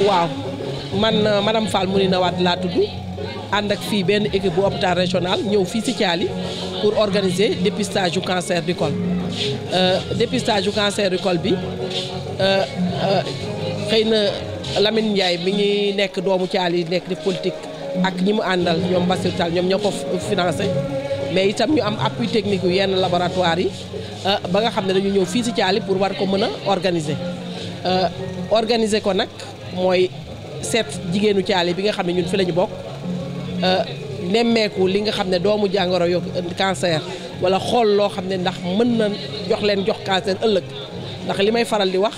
waaw man euh, madame mu Mourina nawaat laa tudd ànd ak fii benn équipe bu hôpital régional ñëw fii si Thialy pour organiser dépistage du cancer du col euh, dépistage du cancer du col bi euh, xëy na Lamine Ndiaye mi ngi nekk doomu Thialy nekk di politique ak ñi mu àndal ñoom Bassirou ñoom ñoo ko financé mais itam ñu am appui technique yu yenn laboratoire yi ba nga xam ne dañu ñëw fii si Thialy pour war ko mën a organiser organiser ko nag. mooy seet jigéenu caali bi nga xam ne ñun fi la ñu bokk euh, nemmeeku li nga xam ne doomu jàngoro yo euh, cancer wala xool loo xam ne ndax mën na jox leen jox cancer ëllëg ndax li may faral di wax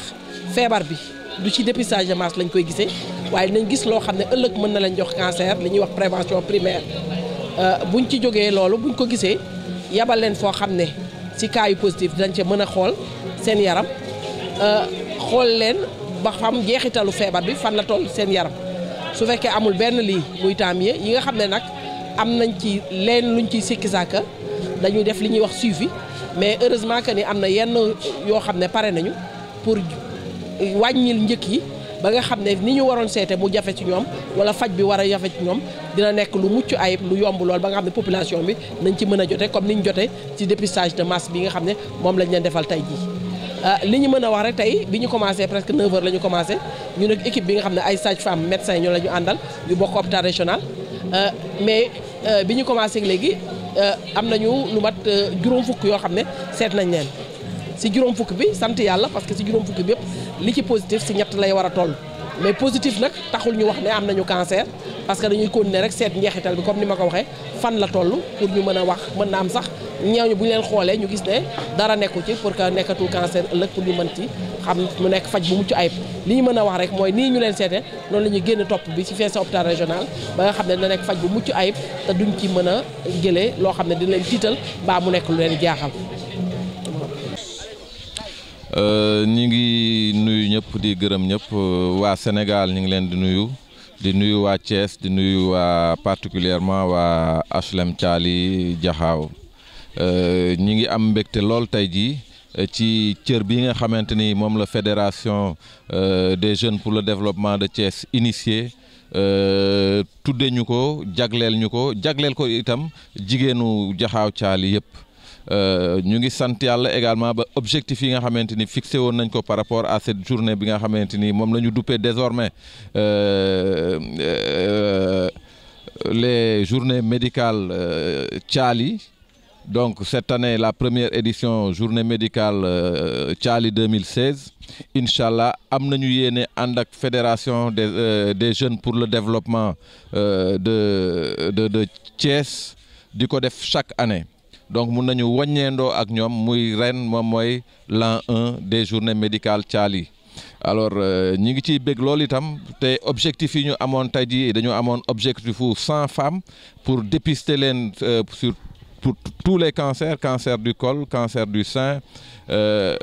feebar bi du ci dépistage de masse lañ koy gisee waaye nañ gis loo xam ne ëllëg mën na leen jox cancer li ñuy wax prévention primaire euh, buñ ci jógee loolu buñ ko gisee yabal leen foo xam ne si cas yu positif dinañ ca mën a xool seen yaram xool leen ba xam jeexitalu feebar bi fan la toll seen yaram su fekkee amul benn lii muy temps yi nga xam ne nag am nañ ci leen luñ ciy sikki sàkka dañuy def li ñuy wax suivi mais heureusement que ni am na yenn yoo xam ne pare nañu pour wàññil njëkk yi ba nga xam ne ni ñu waroon seete mu jafe ci ñoom wala faj bi war a jafe ci ñoom dina nekk lu mucc ayib lu yomb lool ba nga xam ne population bi nañ ci mën a jote comme ni ñu jote ci dépistage de masse bi nga xam ne moom lañ leen defal tey jii Ah, li ñu mën a wax rek tey bi ñu commencé presque 9h la ñu commencé ñu nag équipe bi nga xam ne ay sages-femmes médecins ñoo la ñu àndal ñu bokk hôpital régional ah, mais ah, bi ñu commencé léegi am nañu lu mat juróom fukk yoo xam ne seet nañ leen si juróom fukk bi sant yàlla parce que si juróom fukk bi yëpp li ci positif si ñett lay war a toll mais positif nag taxul ñu wax ne am nañu cancer parce que dañuy continuer rek seet njeexital bi comme ni ma ko waxee fan la toll pour ñu mën a wax mën na am sax ñi bu ñu leen xoolee ñu gis ne dara nekku ci pour que nekkatul cancer ëllëg pour ñu mën ci xam mu nekk faj bu mucc ayib li ñu mën a wax rek mooy nii ñu leen seete noonu la ñuy génn topp bi ci fees hôpital régional ba nga xam ne dina nekk faj bu mucc ayib te duñ ci mën a jëlee loo xam ne dina leen tiital mbaa mu nekk lu leen jaaxal euh, ñi ngi nuyu ñëpp di gërëm ñëpp euh, waa Sénégal ñu ngi leen di nuyu di nuyu waa Thiès di nuyu waa particulièrement waa HLM Thialy Diakhao Euh, ñi ngi am mbégte lool tey jii euh, ci cër bi nga xamante ni moom la fédération euh, des jeunes pour le développement de Thiès initié tudde ñu ko jagleel ñu ko jagleel ko itam jigéenu jaxaaw caali yëpp ñu ngi sant yàlla également ba objectif yi nga xamante ni fixé woon nañ ko par rapport à cette journée bi nga xamante ni moom la ñu duppee désormais les journées médical caali Donc cette année, la première édition journée médicale euh, Tchali 2016. Inch'Allah, am nañu yéene ànd ak fédération des, euh, des jeunes pour le développement euh, de de de Thiès di ko def chaque année. donc mun nañu wàññeendoo ak ñoom muy ren moom mooy l'an 1 des journées médical Thiali. alors euh, ñi ngi ciy bég loolu itam te objectif yi ñu amoon tey jii dañu amoon objectif fu 100 femmes pour dépister leen euh, sur. pour tous les cancers cancer du col cancer du sein euh,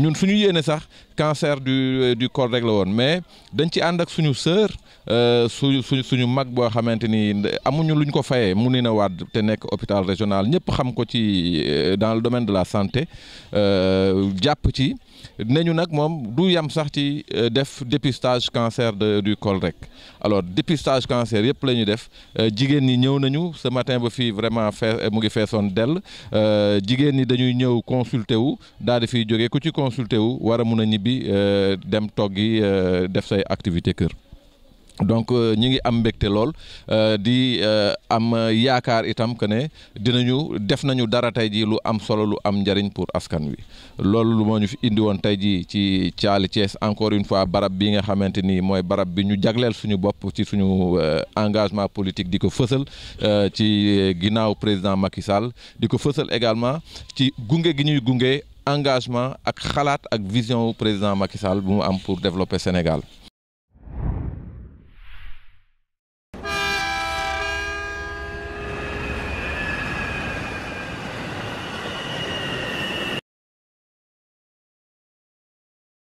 ñun suñu yéene sax cancer du euh, du corps rek la woon mais dañ ci ànd ak suñu sœur euh, suñu suñu suñu mag boo xamante ni amuñu luñ ko fayee mu nii na waat te nekk hôpital régional ñëpp xam ko ci euh, dans le domaine de la santé jàpp ci nañu nag moom du yam sax ci def dépistage cancer de du col rek alors dépistage cancer yëpp la ñuy def jigéen ñi ñëw nañu ce matin ba fii vraiment fee mu ngi feesoon dell jigéen ñi dañuy ñëw consulter wu daal di fiy jógee ku ci consulter wu mun a ñibbi bi euh, dem toggi euh, def say activité kër donc euh, ñi ngi am mbégte lool di am yaakaar itam que ne dinañu def nañu dara tey jii lu am solo lu am njariñ pour askan wi loolu lu moo ñu fi indi woon tey jii ci Thialy Thiès encore une fois barab bi nga xamante ni mooy barab bi ñu jagleel suñu bopp ci suñu engagement politique di ko fësal ci ginnaaw président Macky di ko fësal également ci gunge gi ñuy gunge. engagement ak xalaat ak vision président Macky Sall bu mu am pour développer Sénégal